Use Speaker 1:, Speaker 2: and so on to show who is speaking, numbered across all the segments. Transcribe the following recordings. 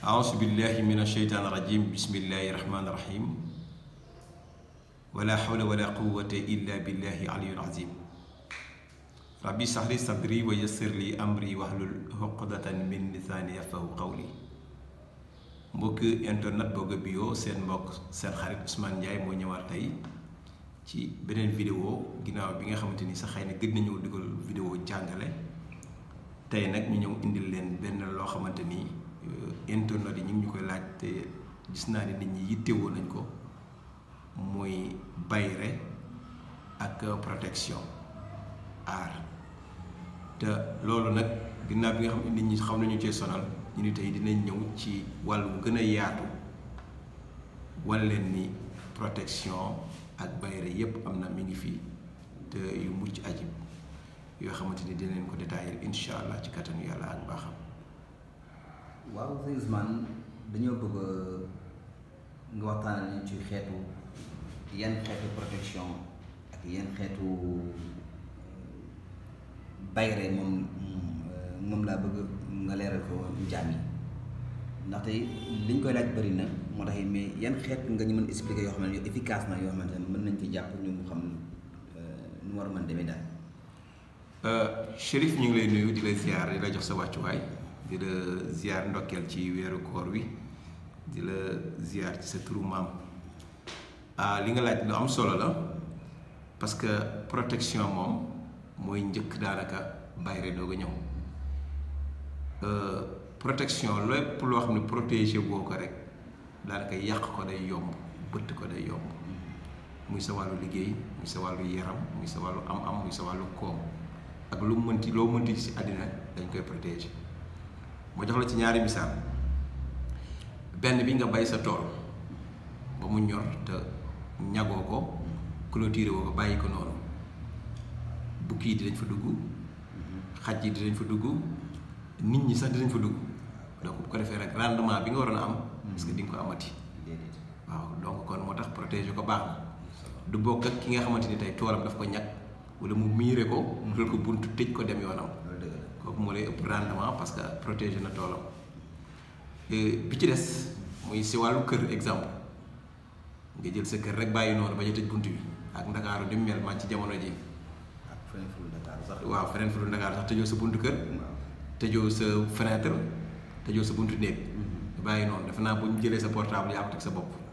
Speaker 1: أعوذ بالله من الشيطان الرجيم بسم الله الرحمن الرحيم ولا حول ولا قوة إلا بالله العلي العظيم ربي سهل صدري ويسر لي أمري واهلل عقدة من لساني يفقهوا قولي موك انترنت بوغ بيو سين موك سين خريط عثمان جاي مو نيوار تاي تي بنين فيديو غيناو بيغا خامتيني سا خاينا گيد نانيو ديكول فيديو جانغالي تاي نك ني نيو انديل لين بن لو خامتيني Euh, internet yi ñu ngi ñu koy laaj te gis naa ne nit ñi yittewoo nañ ko mooy bayre ak protection aar te loolu nag ginnaaw bi nga xam nit ñi xaw nañu ci sonal ñu ni tey dinañ ñëw ci wàll bu gën a yaatu wan leen ni protection ak bayre yépp am na mu ngi fii te yu mucc ajib yoo xamante ni dinañ ko détailler incha allah ci kattanu yàlla ak baaxam
Speaker 2: waaw sëñ Ousmane dañoo bëgg nga waxtaan ñu ci xeetu yan xeetu protection ak yan xeetu euh, bayre moom moom laa bëgg nga leeral ko jaam yi ndaxte liñ koy laaj bëri na moo tax mais yan xeet nga ñu mën expliquer yoo xam ne yu efficace na yoo xamante ne mën nañ ci jàpp ñu euh, mu xam nu war a mën demee daal.
Speaker 1: Euh, Chérif ñu ngi lay nuyu di lay ziar di la jox sa wàccuwaay. di la ziar ndokkeel ci weeru koor wi di la ziar ci sa turu maam li nga laaj lu am solo la parce que protection moom mooy njëkk daanaka bayre doo ko ñëw e, protection lépp loo xam ne protégé boo ko rek daanaka yàq ko day yomb bëtt ko day yomb muy sa wàllu liggéey muy sa wàllu yaram muy sa wàllu am-am muy sa wàllu koom ak lu mënti loo mënti ci àddina dañ koy protéger moo jox la ci ñaari misaal benn bi nga bay sa tool ba mu ñor te ñagoo ko clôturé woo ko bàyyi ko noonu bukki yi dañ fa dugg xaj yi dinañ fa dugg nit ñi sax dinañ fa dugg donc bu ko defee rek rendement bi nga waroon a am parce que di nga ko amati waaw donc kon moo tax protéger ko baax na du bokk ak ki nga xamante ni tey toolam daf ko ñag wala mu miire ko mu mm. ko bunt tëj ko dem yoonam kooku moo lay ëpp rendement parce que protéger na toolam bi ci des muy si kër exemple nga jël sa kër rek bàyyi noonu bañ a tëj bunt bi ak ndakaaru di mel man ci jamono ji waaw feneen fu dul ndakaaru sax tëjoo sa buntu kër tëjoo sa fenêtre tëjoo sa buntu néeg mm-hmm. bàyyi noonu defe naa bu ñu jëlee sa portable yaa ko teg sa bopp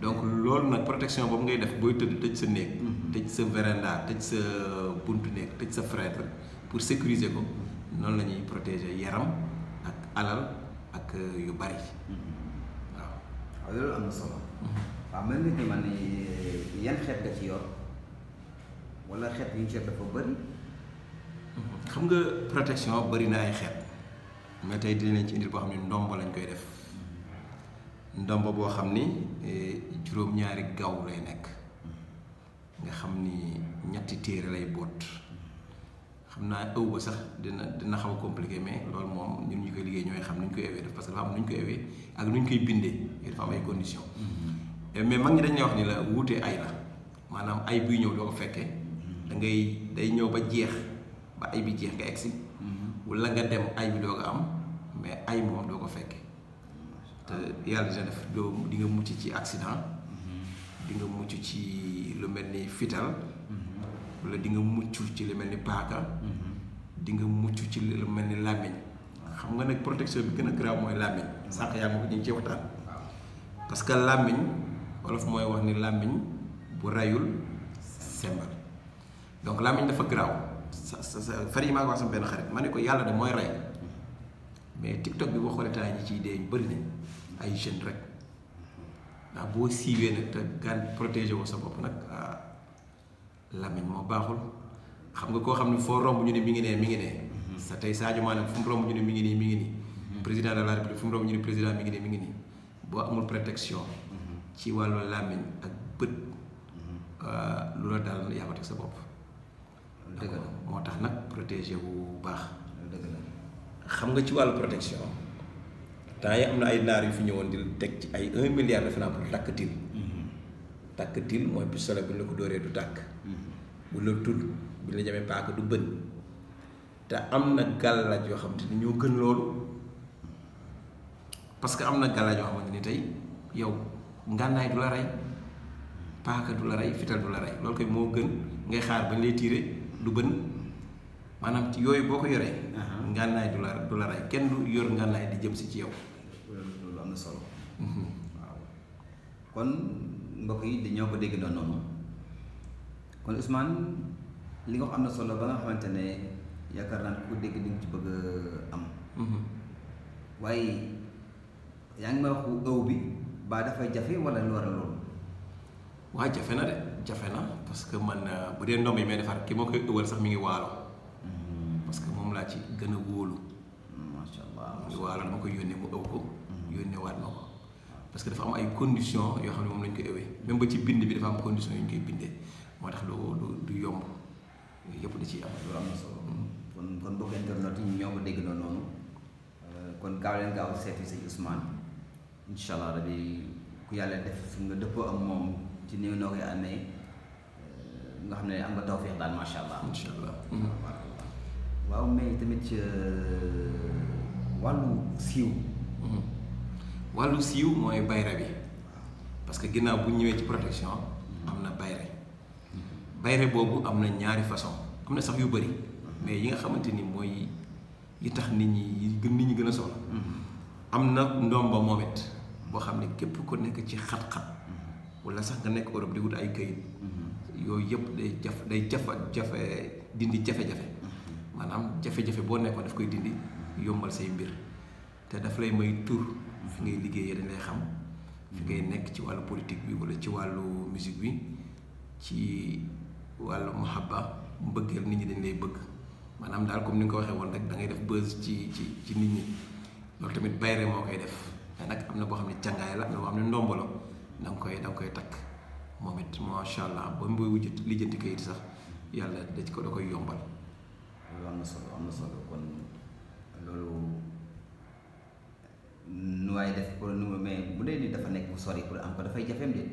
Speaker 1: donc loolu nag protection boobu ngay def booy tëdd tëj sa néeg mhm. tëj sa véranda tëj sa buntu néeg tëj sa fenêtre pour sécuriser ko noonu la ñuy protéger yaram ak alal
Speaker 2: ak euh, yu bari mhm. waaw waaw loolu am na solo mhm. waaw mel ni man euh, yan xeet nga ci yor wala xeet yu ñu ci dafa bëri
Speaker 1: xam nga protection bëri na ay xeet mais tey dinañ ci indil boo xam ne ndombo lañ koy def ndomba boo xam ni eh, juróom-ñaari gaaw lay nekk nga xam ni ñetti téere lay boot xam naa ëw ba sax dina dina xaw a compliqué mais loolu moom ñun ñu koy liggéey ñooy xam nu ñu parce que dafa am nu ñu koy ewee ak nu koy bindee dafa am ay conditions. Mm-hmm. Eh, mais mag ñi dañ lay wax ni la wuute ay la maanaam ay buy ñëw doo ko fekkee mm-hmm. da ngay day ñëw ba jeex ba ay bi jeex nga egsi mm-hmm. wala nga dem ay bi doo ko am mais ay moom doo ko fekkee te yàlla dina def doo di nga mucc ci accident mm-hmm. di nga mucc ci lu mel ni fital mm-hmm. wala di nga mucc ci lu mel ni paaka mm-hmm. di nga mucc ci lu mel ni làmmiñ xam nga nag protection bi gën a grave mooy làmmiñ sànq yaa ma ko ñu ci waxtaan parce que làmmiñ wolof mooy wax ni làmmiñ bu reyul sembal donc làmmiñ dafa grave sa sa sa far maa ngi wax sama benn xarit ma ne ko yàlla de mooy rey mais tiktok bi boo xoolee temps ñi ciy dee ñu bëri nañ ay jeunes rek ndax boo siiwee nag te gaan protéger woo sa bopp nag ah, lamiñ moo baaxul xam nga koo xam ne foo ñu ne mi ngi nee mi ngi mhm. sa Sadio Mané fu ñu mi ngi mi ngi mhm. président de la république fu ñu président mi ngi mi ngi amul protection mhm. ci wàllu lamiñ ak bët ah, lu la dal yaa ko teg sa bopp moo protéger wu xam nga ci wàllu protection temps yi am na ay naar yu fi ñëwoon di teg ci ay un milliard defe naa pour takk til mm-hmm. takk til mooy pistolet bu la ko dóoree du tàkk mm-hmm. bu la tul bu la jamee paaka du bën te am na gàllaaj yoo xam ni ñoo gën loolu parce que am na gàllaaj yoo xamante ni tey yow ngànnaay du la rey paaka du la rey fital du la rey loolu koy moo gën ngay xaar bañ lay tiire du bën maanaam ci yooyu boo ko yoree. ngànnaay du la du la rey kenn du yor ngànnaay di jëm si ci yow.
Speaker 2: loolu am na solo. waaw kon mbokk yi dañoo ko dégg noonu kon Ousmane li nga wax am na solo ba nga xamante ne yaakaar naa ku dégg di nga ci bëgg am. waaye yaa ngi ma wax ëw bi ba dafay jafe wala lu war a wa
Speaker 1: waa jafe na de jafe na parce que man bu dee ndomb yi may defar ki ma koy ëwal sax mi ngi walo ci gën a wóolu. macha allah ñu waaral ma ko yónnee mu ëw ko. Mm-hmm. yónnee waat ma ko. parce que dafa am ay conditions yoo xam ne moom lañ koy ëwee même ba ci bind
Speaker 2: bi dafa am conditions yu moo tax du du yomb yëpp da am. loolu mm-hmm. kon kon bokk internet yi ñoo ko dégg noonu euh, kon gaaw leen allah rabi ku yàlla def nga dëppoo am moom ci néew noo koy amee euh, nga xam ne am nga tawféex daal macha allah. allah. Mm-hmm. waaw mais tamit euh, wàllu siiw. Mhm.
Speaker 1: wàllu siiw mooy bayra bi parce que ginnaaw bu ñëwee ci protection mhm. am na bayre bayre boobu am na ñaari façon am na sax yu bëri mhm. mais yi nga xamante ni mooy yi tax nit ñi gën nit gën a soxla. am na ndomba moom it boo xam ne képp ku nekk ci xat-xat wala sax nga nekk Europe di wut ay këyit yooyu yëpp day jaf day jafa jafe dindi jafe-jafe. manam jafe-jafe boo nekkoon daf koy dindi yombal say mbir te daf lay may tur fi ngay liggéeyee dañ lay xam fi ngay mhm. nekk ci wàllu politique bi wala ci walu musique bi ci wàllu mahabba mbëggeel nit ñi dañ lay bëgg maanaam daal comme ni nga ko waxee woon rek da ngay def buzz ci ci ci nit ñi loolu tamit bayre moo koy def mais nag am na boo xam ne càngaay la am na boo xam ne ndombo la koy da koy takk moom it macha allah ba mbuy wujj lijjanti kayit sax yàlla da ko da koy yombal
Speaker 2: loolu am na solo am na solo kon loolu nu waaye def pour nu mais bu dee ni dafa nekk bu sori pour am ko dafay jafeem de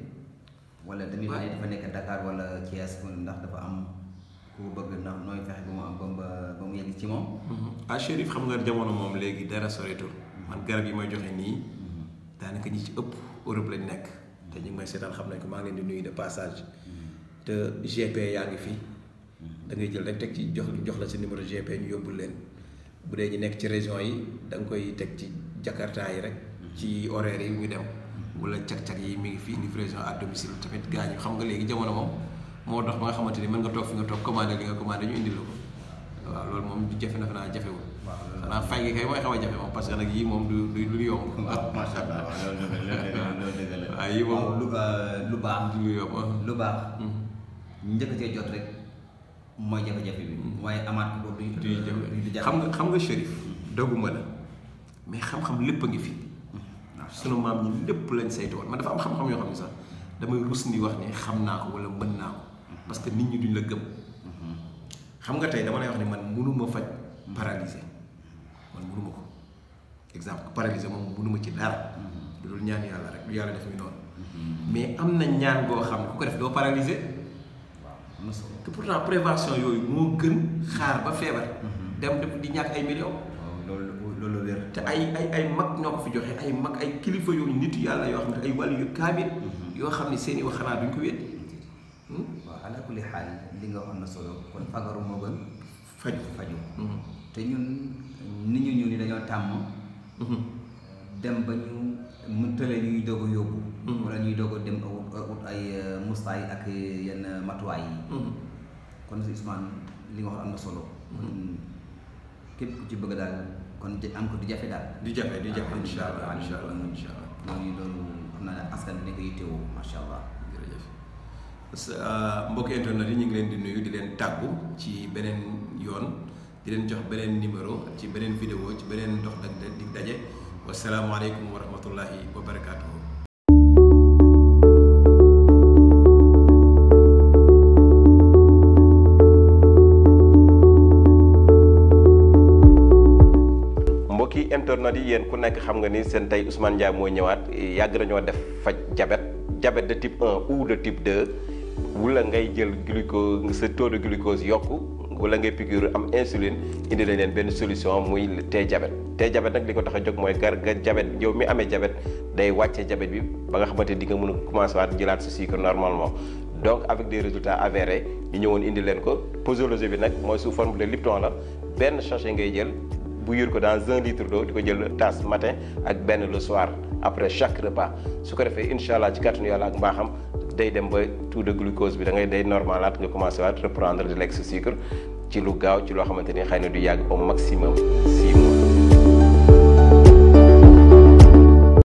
Speaker 2: wala tamit dafa nekk Dakar wala Thiès ndax dafa am ku bëgg ndax nooy fexe ba mu am ba mu yegg ci moom. Mm-hmm. ah xam nga jamono moom léegi dara soreetul mm-hmm. man garab yi
Speaker 1: may joxe nii mm-hmm. daanaka ñi ci ëpp Europe lañ nekk te ñu ngi may seetaan xam nañ ko maa ngi leen nuyu de passage te GP yaa ngi fi. da jël rek teg ci jox jox la sa numéro GP ñu yóbbul leen bu dee ñu nekk ci région yi da nga koy teg ci Jakarta yi rek ci horaire yi ñu dem wala cag-cag yi mi ngi fii livraison à domicile tamit gaa ñu xam nga léegi jamono moom moo dox ba nga xamante ni mën nga toog fi nga toog commandé li nga commandé ñu indil la ko waaw loolu moom du jafe na fa naa jafewul. waaw xanaa fay gi kay mooy xaw a jafe moom parce que nag yii moom du du du
Speaker 2: yomb. waaw macha allah waaw yii moom euh, lu baax. du lu baax. Hmm. njëkk cee jot mooy jafe-jafe bi waaye amaat ko duñ duñ xam nga xam nga Chérif doguma la mais xam-xam lépp a ngi
Speaker 1: fi sunu maam ñi lépp lañ saytu woon man dafa am xam-xam yoo xam ne sax damay rus ni wax ne xam naa ko wala mën naa ko mhm. parce que nit ñi duñ la gëm mhm. xam nga tey dama lay wax ne man mënuma faj mhm. paralysé man mënuma ko exemple paralysé moom mënuma ci dara lu dul ñaan yàlla rek lu yàlla def ñu noonu mais am na ñaan boo xam ne ku ko def doo paralysé pour pourtant prévention yooyu moo gën xaar ba feebar. Mhm. dem di ñàkk ay millions.
Speaker 2: loolu loolu wér.
Speaker 1: te ay ay ay mag ñoo ko fi joxe ay mag ay kilifa yooyu nit yàlla yoo xam ne ay wàllu yu kaamil. Mhm. yoo xam ne seeni wax xanaa duñ ko
Speaker 2: wéet. Hmm? waaw ala kulli li nga wax na solo kon fagaru moo gën. faju faju mhm. te ñun nit ñu ñëw ni dañoo tàmm. dem ba ñu mu tële ñuy doog yóbbu. Mm. wala ñuy doog dem wut uh, uh, ay uh, mustaay ak yenn matuwaay mm. kon li nga wax solo mm. kon ku ci bëgg kon am ko di jafe daal di di allah insha allah insha allah askan bi ko allah jërëjëf
Speaker 1: euh, mbokk internet yi ñu ngi leen di nuyu di leen tàggu ci beneen yoon di leen jox beneen numéro ci beneen vidéo ci beneen dox dag dig daje wasalaamaaleykum wa rahmatullahi wa barakatuh internautes yi yéen ku nekk xam nga ni seen tey Ousmane Ndiaye moo ñëwaat yàgg nañoo def faj diabète diabète de type 1 ou de type de wula ngay jël glucose sa taux de glucose yokk wala ngay piqûre am insuline indi lañ leen benn solution muy tey diabète tey diabète nag li ko tax a jóg mooy gar ga diabète yow mi amee jabet day wàcce diabète bi ba nga xamante di nga mën a commencé waat jëlaat sa sucre normalement donc avec des résultats avérés ñu ñëwoon indi leen ko posologie bi nag mooy sous forme de lipton la benn sachet ngay jël bouillir ko dans un litre d'eau tu le jël tasse matin ak le soir après chaque repas su ko defee inshallah ci carton yalla ak day dem ba tout de glucose bi da ngay day normalaat nga commencé à reprendre de l'ex sucre ci lu gaaw ci tu ni du yag au maximum 6 mois